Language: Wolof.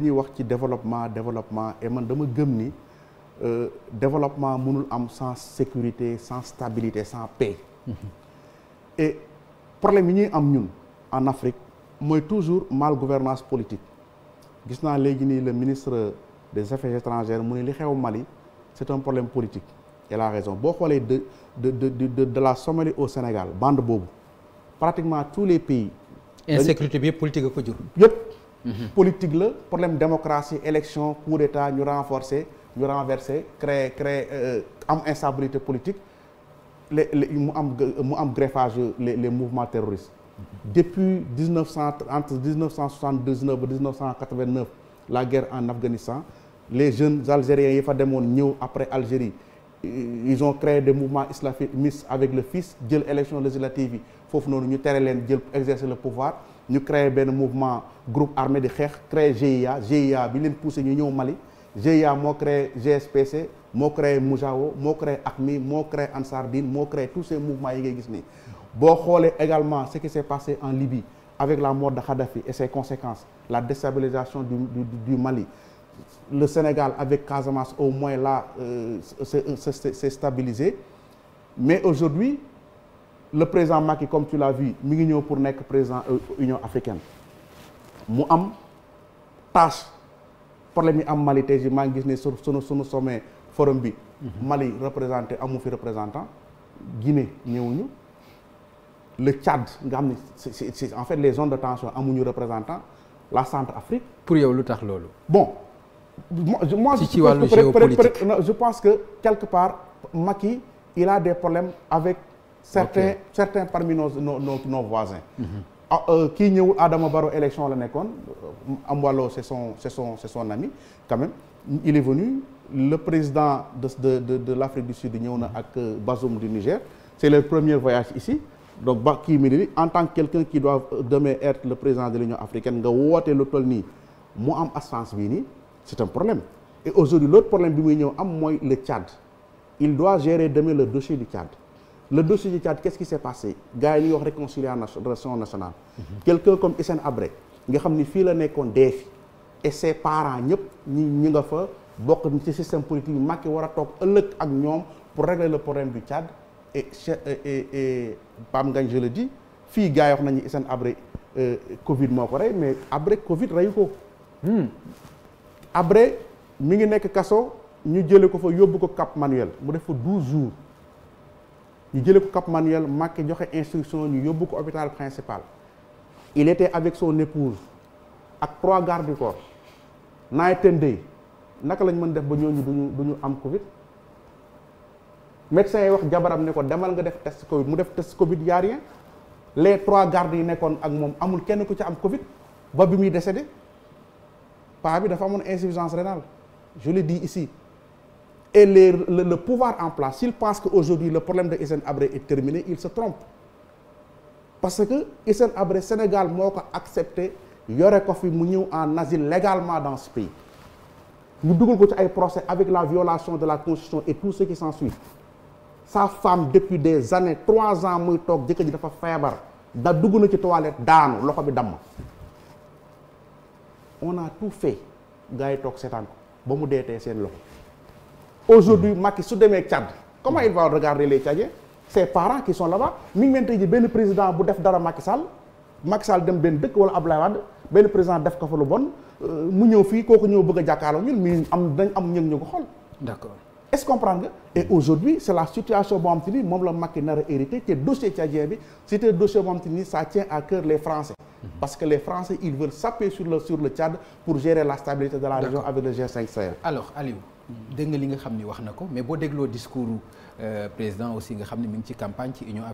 ñuy wax ci développement développement et man dama gëm ni euh, développement mënul am sans sécurité sans stabilité sans paix. Mhm. et problème yi ñuy am ñun en Afrique mooy toujours mal gouvernance politique gis naa léegi nii le ministre des affaires étrangères mu ne li xew Mali c'est un problème politique elle a raison boo xoolee de de de de la Somalie au Sénégal bande boobu pratiquement tous les pays. insécurité bi yëpp politique a ko jur. yëpp. Mm-hmm. politique la problème démocratie élection coup d'état ñu renforcer ñu renverser créer créer euh, am instabilité politique les mu am mu am greffage les les mouvements terroristes mm-hmm. depuis dix neuf cent entre dix neuf cent soixante dix neuf ba dix neuf cent quatre vingt neuf la guerre en Afghanistan les jeunes algériens yi fa demoon ñëw après Algérie ils ont créé des mouvements islamistes avec le fils jël élection législative yi foofu noonu ñu tere leen jël exercer le pouvoir ñu créé benn mouvement group armé di xeex créé GIA GIA bi leen poussé ñu ñëw Mali GIA moo créé GSPC moo créé Moujao moo créé AQMI moo créé Ansar Dine moo créé tous ces mouvements yi ngay gis nii boo xoolee également ce qui s'est passé en Libye avec la mort de Kadhafi et ses conséquences la déstabilisation du du Mali le Sénégal avec Casamance au moins là euh, s'est stabilisé mais aujourd'hui le président Macky comme tu la vu mi ngi ñëw pour nekk président euh, Union africaine mu am tâche problème yi am Mali tey jii maa ngi gis ne sur sunu sunu sommet forum bi. Mhm. Mali représenté amu fi représentant. Guinée ñëwuñu le Tchad nga xam ne si en fait les zones de tension amuñu représentant la Centrafrique. pour yow lu tax loolu. moi je pense que je pense que quelque part Macky il a des problèmes avec certains okay. certains parmi nos no nos, nos voisins. Mhm. Ah, euh, kii ñëwul Adama Barrow élection la nekkoon euh, Amballo c'est son c'est son c'est son ami quand il est venu le président de de de, de l'Afrique du Sud ñëw na mhm. ak euh, Bazoum du Niger c'est le premier voyage ici. donc ba kii mi ni en tant que quelqu'un qui doit demain être le président de l'Union africaine nga woote lu toll nii mu am assistance bii nii. c'est un problème et aujourd'hui l'autre problème bi muy ñëw am mooy le Tchad il doit gérer demain le dossier du Tchad le dossier du Tchad qu'est-ce qui s'est passé gars yi ñuy wax réconciliation nationale mhm. quelqu'un comme Hissène Habré nga xam ni fii la nekkoon dee fi et ses parents ñëpp ñi ñi nga fa bokk ci système politique yu Macky war a toog ëllëg ak ñoom pour régler le problème du Tchad et et Pam Ngagne fii gars yi wax nañu Hissène Habré euh, Covid moo ko rey mais abre Covid reyu ko hmm. Habré mi ngi nekk kaso ñu jële ko fa yóbbu ko Cap Manuel mu def fa douze jours ñu jële ko Cap Manuel Macky joxe instruction ñu yóbbu ko hôpital principal il était avec son épouse ak trois gardes du corps night day naka lañ mën def ba ñooñu duñu ñu am Covid médecin yi wax jabaram ne ko demal nga def test Covid mu def test Covid y a rien les trois gardes yi nekkoon ak moom amul kenn ku ci am Covid ba bi muy décédé paa bi dafa amoon insuffisance rénale je le di ici e les le, le pouvoir en place s'il pense que aujourd'hui le problème de Hissène Habré est terminé il se trompe parce que Hissène Habré Sénégal moo ko accepté yore ko fi mu ñëw en asile légalement dans ce pays ñu dugal ko ci ay procès avec la violation de la constitution et tout ce qui s'ensuit sa femme depuis des années trois ans muy toog jëkkër ji dafa feebar da dugg na ci toilette daanu loxo bi damm on a tout fait gars yi toog seetaan ko ba mu deetee seen loxo aujourd'hui Macky su demee Tchad comment il va regarder les Tchadiens ses parents qui sont là-bas mi ngi mel tey benn président bu def dara Macky Sall Macky Sall dem benn dëkk wala Abdoulaye Wade benn président def ko fa lu bon euh, mu ñëw fii kooku ñëw bëgg a jàkkaarloo ñun mi am dañ am ñëg ñu ko xool d'accord est-ce que comprendre nga et aujourd'hui c'est la situation boo xam te ni moom la Macky nar a hérité te dossier ni ça à cœur les Français parce que les Français ils veulent saper sur le sur le Tchad pour gérer la stabilité de la région avec le G5 Sahel alors Aliou dégg nga li nga xam ni wax na ko mais boo dégloo discours euh, président aussi nga xam ne mi ngi ci campagne ci union